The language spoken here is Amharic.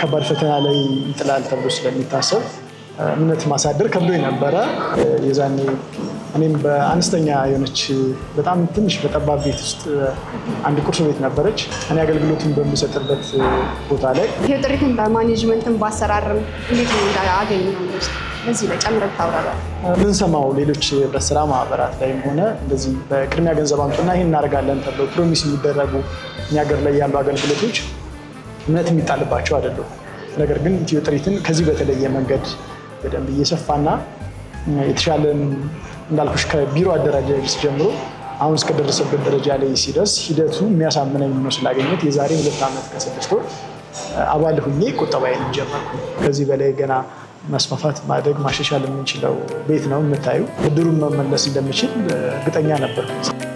ከባድ ፈተና ላይ ይጥላል ተብሎ ስለሚታሰብ እምነት ማሳደር ከብዶ ነበረ። የዛኔ እኔም በአነስተኛ የሆነች በጣም ትንሽ በጠባብ ቤት ውስጥ አንድ ቁርስ ቤት ነበረች። እኔ አገልግሎቱን በሚሰጥበት ቦታ ላይ ይህ ጥሪትን በማኔጅመንትን ባሰራርም እንዴት ነው እንዳገኘ በዚህ ላይ ጨምረ ታውራለህ። ምንሰማው ሌሎች በስራ ማህበራት ላይም ሆነ እንደዚህ በቅድሚያ ገንዘብ አምጡና ይህን እናደርጋለን ተብለው ፕሮሚስ የሚደረጉ እኛ ሀገር ላይ ያሉ አገልግሎቶች እምነት የሚጣልባቸው አይደሉም። ነገር ግን ኢትዮ ጥሪትን ከዚህ በተለየ መንገድ በደንብ እየሰፋና የተሻለን እንዳልኩሽ ከቢሮ አደረጃጀት ጀምሮ አሁን እስከደረሰበት ደረጃ ላይ ሲደርስ ሂደቱ የሚያሳምነኝ ነው ስላገኘት የዛሬ ሁለት ዓመት ከስድስት ወር አባል ሁኜ ቁጠባዬን ጀመርኩ። ከዚህ በላይ ገና መስፋፋት፣ ማደግ፣ ማሻሻል የምንችለው ቤት ነው የምታዩ። እድሩን መመለስ እንደምችል እርግጠኛ ነበርኩ።